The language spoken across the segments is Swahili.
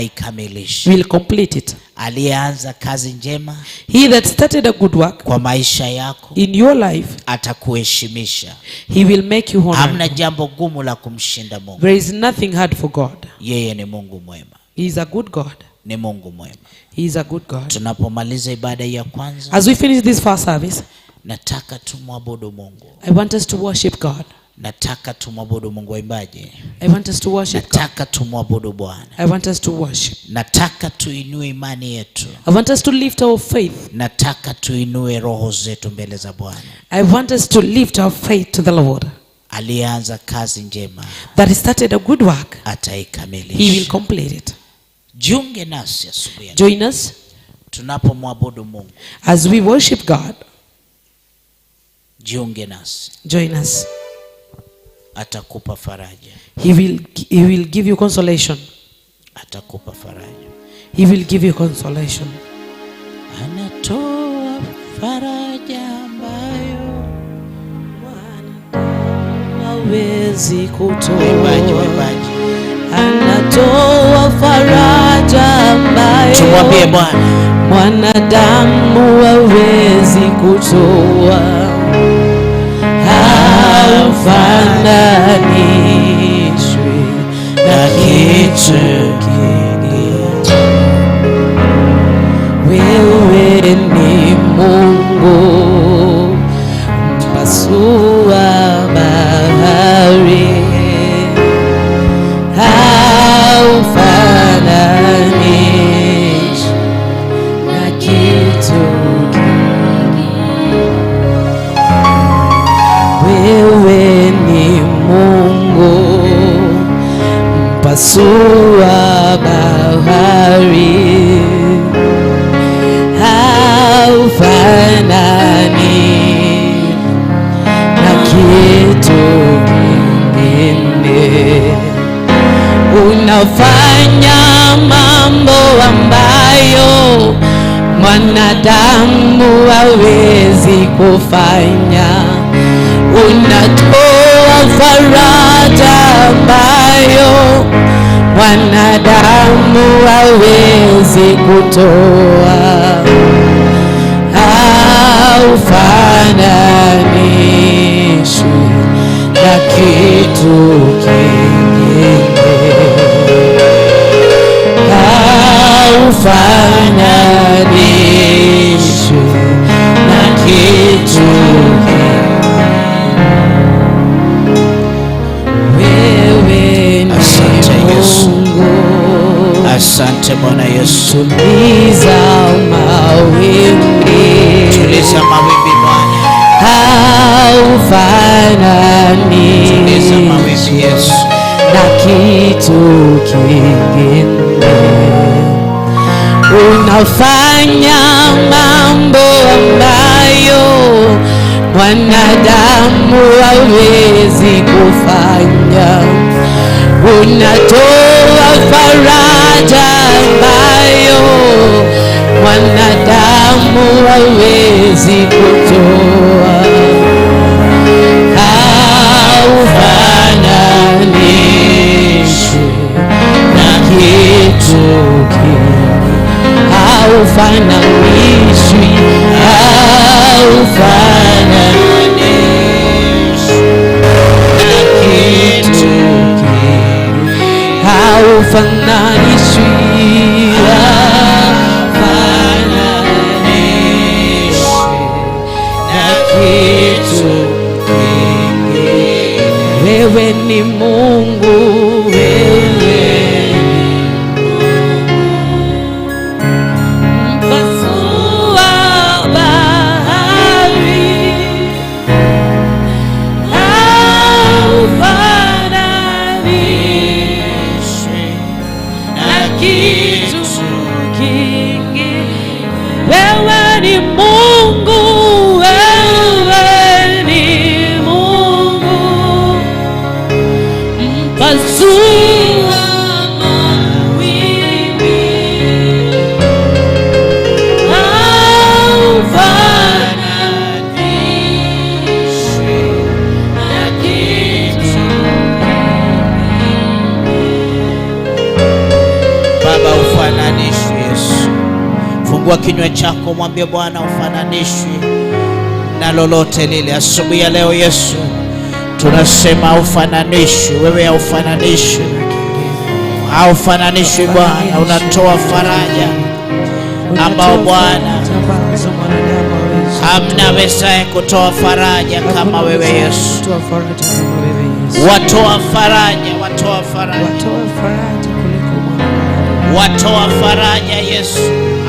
Aikamilishe. Will complete it. Aliyeanza kazi njema. He that started a good work. Kwa maisha yako. In your life. Atakuheshimisha. He will make you honor. Hamna jambo gumu la kumshinda Mungu. There is nothing hard for God. Yeye ni Mungu mwema. He is a good God. Ni Mungu mwema. He is a good God. Tunapomaliza ibada ya kwanza. As we finish this first service. Nataka tumwabudu Mungu. I want us to worship God. Nataka tumwabudu Mungu waimbaje? I want us to worship. Nataka tumwabudu Bwana. I want us to worship. Nataka tuinue imani yetu. I want us to lift our faith. Nataka tuinue roho zetu mbele za Bwana. I want us to lift our faith to the Lord. Alianza kazi njema. That he started a good work. Ataikamilisha. He will complete it. Jiunge nasi asubuhi. Join us. Tunapomwabudu Mungu. As we worship God. Jiunge nasi. Join us. Join us atakupa faraja. He will, he will give you consolation. Atakupa faraja. He will give you consolation. Anatoa faraja ambayo hawezi kutoa. Anatoa faraja ambayo tumwambie Bwana mwanadamu hawezi kutoa. ufananishwi na kitu kingine. Wewe ni Mungu mpasu kufanya, unatoa faraja ambayo wanadamu wawezi kutoa. Haufananishwi na kitu kingine, haufananishwi Asante Bwana Yesu, tuliza mawimbi, tuliza mawimbi Bwana, haufanani, tuliza mawimbi Yesu, na kitu kingine unafanya mambo ambayo mwanadamu hawezi kufanya, unatoa faraja ambayo mwanadamu hawezi kutoa. Haufananishi na kitu will find a ministry. I will find a ministry. to king. I will find a ministry. I'll find a hafananishwi na lolote lile. Asubuhi ya leo, Yesu, tunasema haufananishwi, wewe haufananishwi, haufananishwi Bwana, unatoa faraja ambao Bwana hamna ya kutoa faraja kama wewe Yesu. Watoa faraja, watoa faraja, watoa faraja Yesu,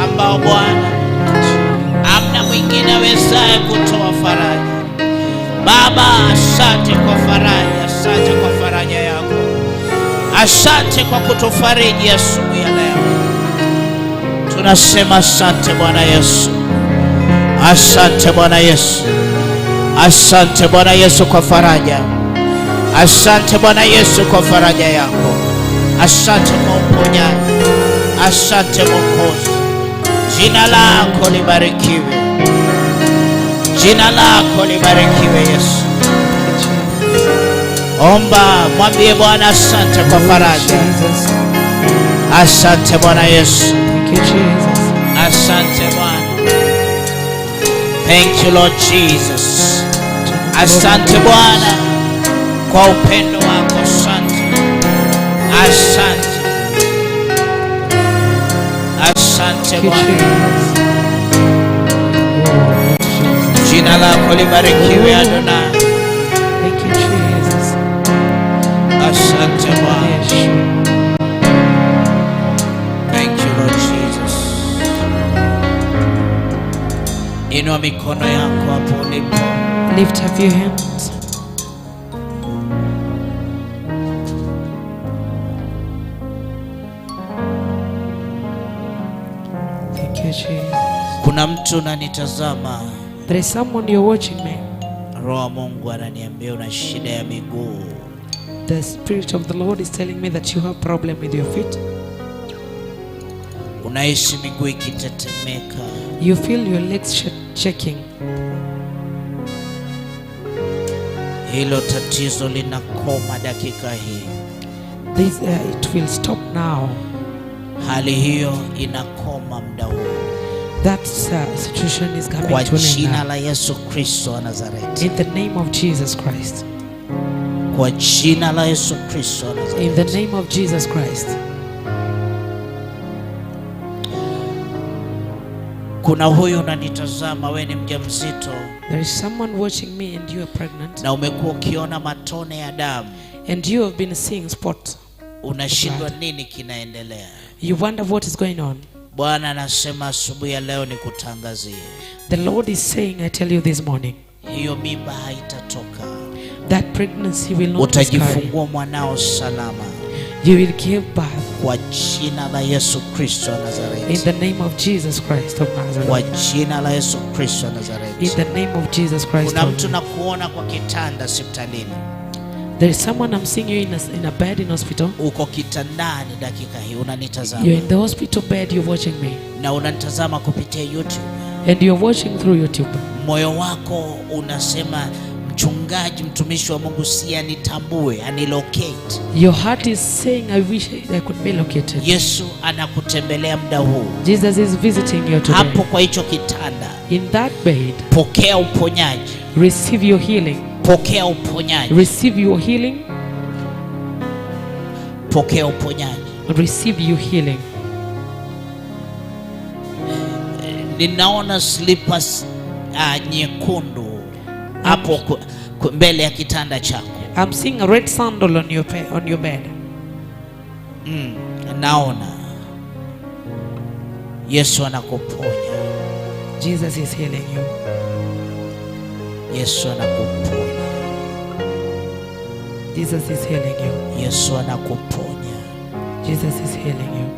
ambao Bwana inawezaye kutoa faraja. Baba, asante kwa faraja, asante kwa faraja yako, asante kwa kutufariji asubuhi ya leo. Tunasema asante Bwana Yesu, asante Bwana Yesu, asante Bwana Yesu kwa faraja, asante Bwana Yesu kwa faraja yako, asante kwa uponyaji, asante Mwokozi, jina lako libarikiwe. Jina lako libarikiwe Yesu. Omba, mwambie Bwana asante kwa faraja. Asante Bwana Yesu. Asante Bwana. Thank you Lord Jesus. Asante Bwana kwa upendo wako. Asante. Asante. Asante Bwana. Jina lako libarikiwe Adonai. Thank you Jesus. Asante Bwana. Thank you Lord Jesus. Inua mikono yako hapo ulipo. Lift up your hands. Thank you Jesus. Kuna mtu nanitazama There is someone you're watching me. Roho Mungu ananiambia una shida ya miguu. The spirit of the Lord is telling me that you have problem with your feet. Unaishi miguu ikitetemeka. You feel your legs shaking. Hilo tatizo linakoma dakika hii. This, uh, it will stop now. Hali hiyo inakoma muda huu. That uh, situation is coming kwa to jina la Yesu Kristo In the name of Jesus Christ. Kwa jina la Yesu Kristo In the name of Jesus Christ. Kuna huyu unanitazama, wewe ni mjamzito. There is someone watching me and you are pregnant. Na umekuwa ukiona matone ya damu. And you have been seeing spots. Unashindwa nini kinaendelea? You wonder what is going on. Bwana anasema asubuhi ya leo nikutangazie. The Lord is saying I tell you this morning. Hiyo mimba haitatoka. That pregnancy will not utajifungua mwanao salama. You will give birth. Kwa jina la Yesu Kristo wa Nazareti. In the name of Jesus Christ of Nazareth. Kwa jina la Yesu Kristo wa Nazareti. In the name of Jesus Christ. Kuna mtu nakuona kwa kitanda hospitalini. There is someone I'm seeing you in a, in a bed in hospital. Uko kitandani dakika hii unanitazama. You're in the hospital bed you're watching me. Na unanitazama kupitia YouTube. And you're watching through YouTube. Moyo wako unasema mchungaji, mtumishi wa Mungu, si anitambue, anilocate. Your heart is saying I wish I could be located. Yesu anakutembelea muda huu. Jesus is visiting you today. Hapo kwa hicho kitanda. In that bed. Pokea uponyaji. Receive your healing. Pokea uponyaji. Receive your healing. Pokea uponyaji. Receive your healing. Ninaona slippers uh, nyekundu hapo mbele ya kitanda chako. I'm seeing a red sandal on your bed, on your bed. Mm, naona Yesu anakuponya. Jesus is healing you. Yesu anakuponya. Jesus is healing you. Yesu anakuponya. Jesus is healing you.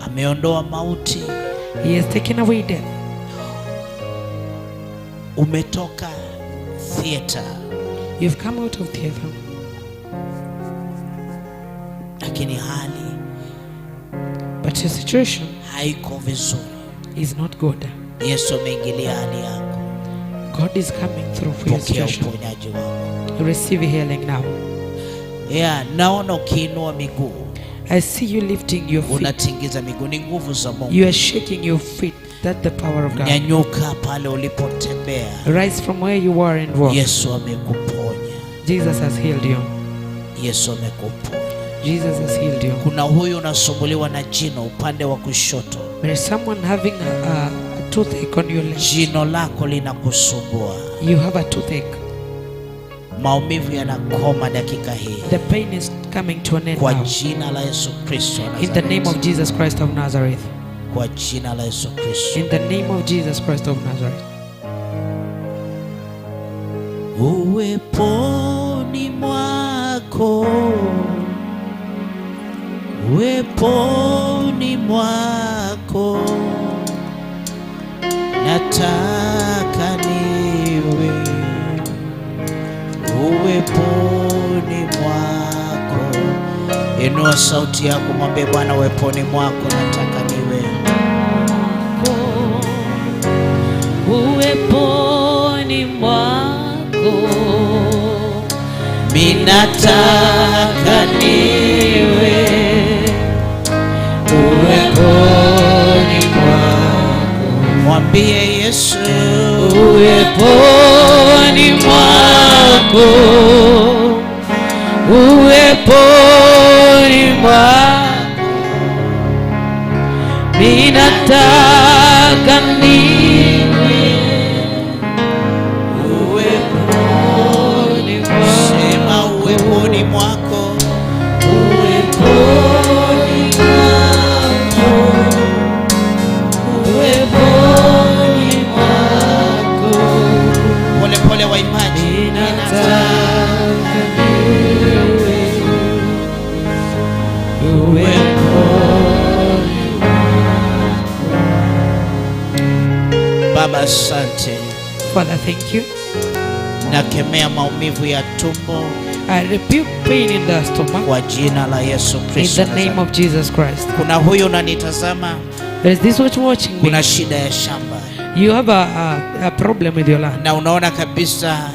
Ameondoa mauti. He has taken away death. Umetoka theater. You've come out of theater. Lakini hali but your situation haiko vizuri. Is not good. Yesu ameingilia hali yako. God is coming through for your situation. uponyaji wako. Receive healing now. Yeah, naona ukiinua miguu I see you lifting your feet. unatingiza miguu, ni nguvu za Mungu. You are shaking your feet. That's the power of God. Nyanyuka pale ulipotembea, Rise from where you are and walk. Yesu amekuponya. Jesus has healed you. Yesu amekuponya. Jesus has healed you. Kuna huyu unasumbuliwa na jino upande wa kushoto, There is someone having a, a toothache on your leg. Jino lako linakusumbua. You have a toothache. Maumivu yanakoma dakika hii. The pain is coming to an end. Kwa jina la Yesu Kristo. In the name of Jesus Christ of Nazareth. Kwa jina la Yesu Kristo. In the name of Jesus Christ of Nazareth. Uweponi mwako uweponi mwako nataka niwe uweponi mwako. Inua sauti yako, mwambie Bwana, uweponi mwako nataka niwe, uweponi mwako minataka niwe uweponi mwambie Yesu, uweponi mwako, uweponi mwako minataka ni Father, thank you. Nakemea maumivu ya tumbo. I rebuke pain in the stomach. Kwa jina la Yesu Kristo. In the name of Jesus Christ. Kuna huyu unanitazama. There is this watch watching me. Kuna shida ya shamba. You have a, a, a problem with your land. Na unaona kabisa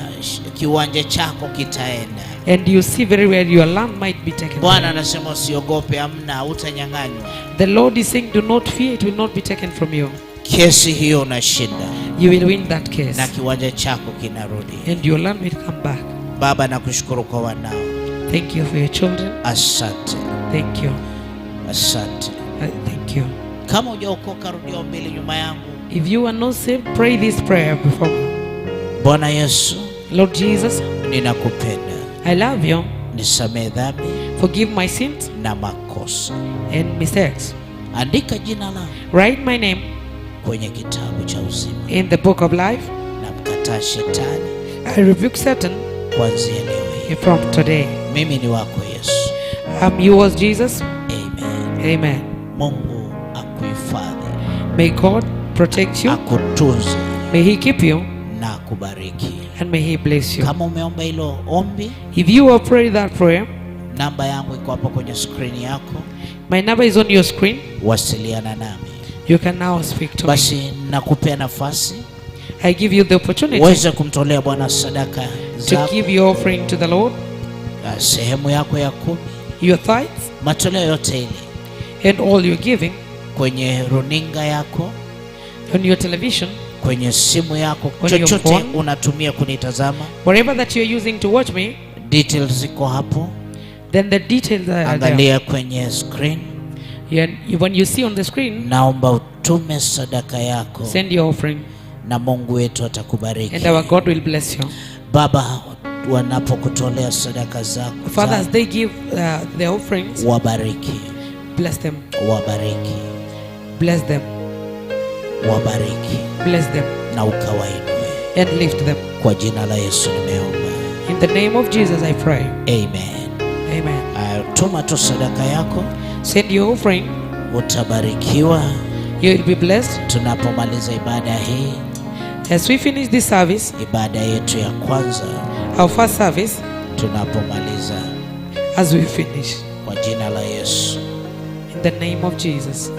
kiwanja chako kitaenda. And you see very well your land might be taken. Bwana anasema usiogope, amna utanyang'anywa. The Lord is saying do not fear, it will not be taken from you. Kesi hiyo una shida you will win that case. Na kiwanja chako kinarudi. And your land will come back. Baba nakushukuru kwa wanao. Thank you for your children. Asante. Thank you. Asante. Thank you. Kama hujaokoka rudia mbele nyuma yangu. If you are not saved, pray this prayer before me. Bwana Yesu. Lord Jesus, ninakupenda. I love you. Nisamehe dhambi. Forgive my sins. Na makosa. And mistakes. Andika jina langu. Write my name kwenye kitabu cha uzima. In the book of life. Namkataa shetani. I rebuke Satan. Kuanzia leo hii. From today. Mimi ni wako Yesu. I'm yours Jesus. Amen. Amen. Mungu akuhifadhi. May God protect you. Akutunze. May he keep you. Na kubariki. And may he bless you. Kama umeomba hilo ombi. If you have prayed that prayer. Namba yangu iko hapo kwenye screen yako. My number is on your screen. Wasiliana nami. You can now speak to basi me. Nakupea nafasi I give you the opportunity uweze kumtolea Bwana sadaka to give your offering to the Lord, ah, sehemu yako ya kumi, your tithes, matoleo yote ile, and all your giving, kwenye runinga yako, on your television, kwenye simu yako, chochote unatumia kunitazama, wherever that you're using to watch me, details ziko hapo, then the details are there. kwenye screen when you see on the screen, naomba utume sadaka yako. Send your offering. Na Mungu wetu atakubariki. And our God will bless you. Baba, wanapokutolea sadaka zako. Father, as they give uh, their offerings. Wabariki. Bless them. Wabariki. Bless them. Wabariki. Bless them. Na ukawainue. And lift them. Kwa jina la Yesu nimeomba. In the name of Jesus I pray. Amen. Amen. Uh, tuma tu sadaka yako. Send your offering. Utabarikiwa. You will be blessed. Tunapomaliza ibada hii. As we finish this service. Ibada yetu ya kwanza. Our first service. Tunapomaliza. As we finish. Kwa jina la Yesu. In the name of Jesus.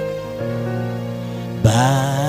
Bye.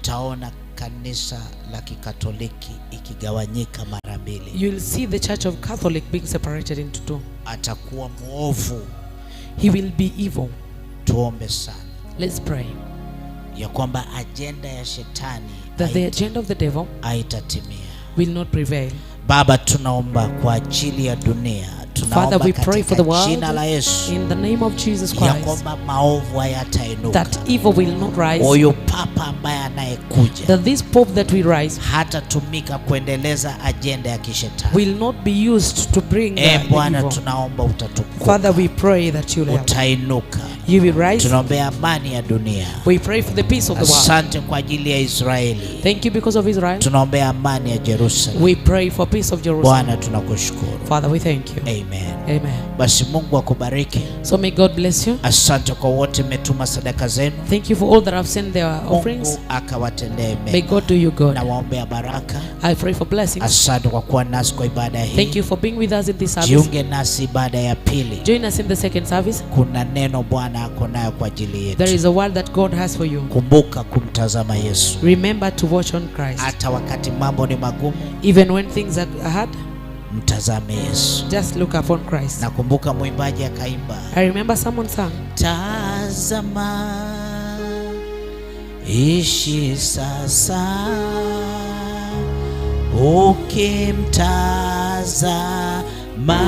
utaona kanisa la Kikatoliki ikigawanyika mara mbili. You will see the church of Catholic being separated into two. Atakuwa mwovu. He will be evil. Tuombe sana. Let's pray. Ya kwamba ajenda ya shetani that the agenda of the devil haitatimia. Will not prevail. Baba tunaomba kwa ajili ya dunia Father, we pray for the world in the name of Jesus Christ, maovu that evil will not rise, that this pope that we rise kuendeleza ajenda ya will not be used to bring e the Father we pray that help, you will rise. Tunaombea amani ya dunia. We pray for the peace of the world. Asante kwa ajili ya Israeli. Thank you because of Israel. Tunaombea amani ya Jerusalem. We pray for peace of Jerusalem. Bwana tunakushukuru. Father we thank you. Amen. Amen. Amen. Basi Mungu akubariki. So may God bless you. Asante kwa wote mmetuma sadaka zenu. Thank you for all that have sent their offerings. Mungu akawatendee mema. May God do you good. Na baraka. I pray for blessings. Asante kwa kuwa nasi kwa ibada hii. Thank you for being with us in this service. Jiunge nasi ibada ya pili. Join us in the second service. Kuna neno Bwana ako nayo kwa ajili yetu. There is a word that God has for you. Kumbuka kumtazama Yesu. Remember to watch on Christ. Hata wakati mambo ni magumu. Even when things are hard. Mtazame Yesu. Just look upon Christ. Nakumbuka mwimbaji akaimba. I remember someone sang. Tazama ishi sasa ukimtazama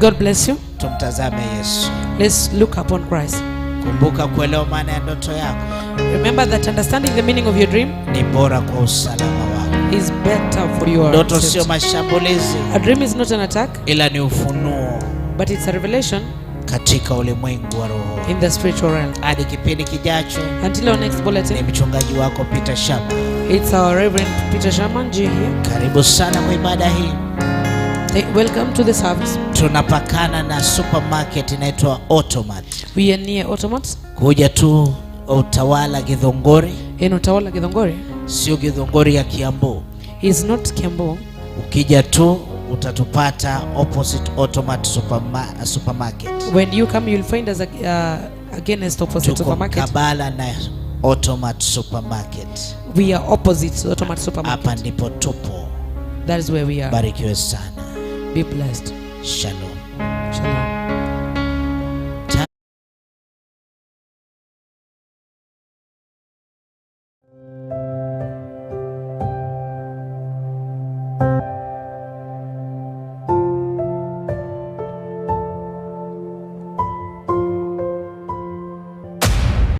God bless you. Tumtazame Yesu. Let's look upon Christ. Kumbuka kuelewa maana ya ndoto yako. Remember that understanding the meaning of your dream ni bora kwa usalama wako. Is better for your ndoto sio mashambulizi. A dream is not an attack. Ila ni ufunuo. But it's a revelation katika ulimwengu wa roho in the spiritual realm. Hadi kipindi kijacho, until our next bulletin. Ni mchungaji wako Peter Shama. It's our Reverend Peter Shamanji Karibu sana kwa ibada hii. Welcome to the service tunapakana na supermarket inaitwa Automat. We are near Automat. Kuja tu Utawala Githongori. In Utawala Githongori. Sio Githongori ya Kiambu. Is not Kiambu. Ukija tu utatupata opposite Automat superma supermarket. When you come you'll find us uh, against opposite Tuko supermarket. Kabala na Automat supermarket. We are opposite Automat supermarket. Hapa ndipo tupo. That is where we are. Barikiwe sana. Be blessed. Shalom. Shalom.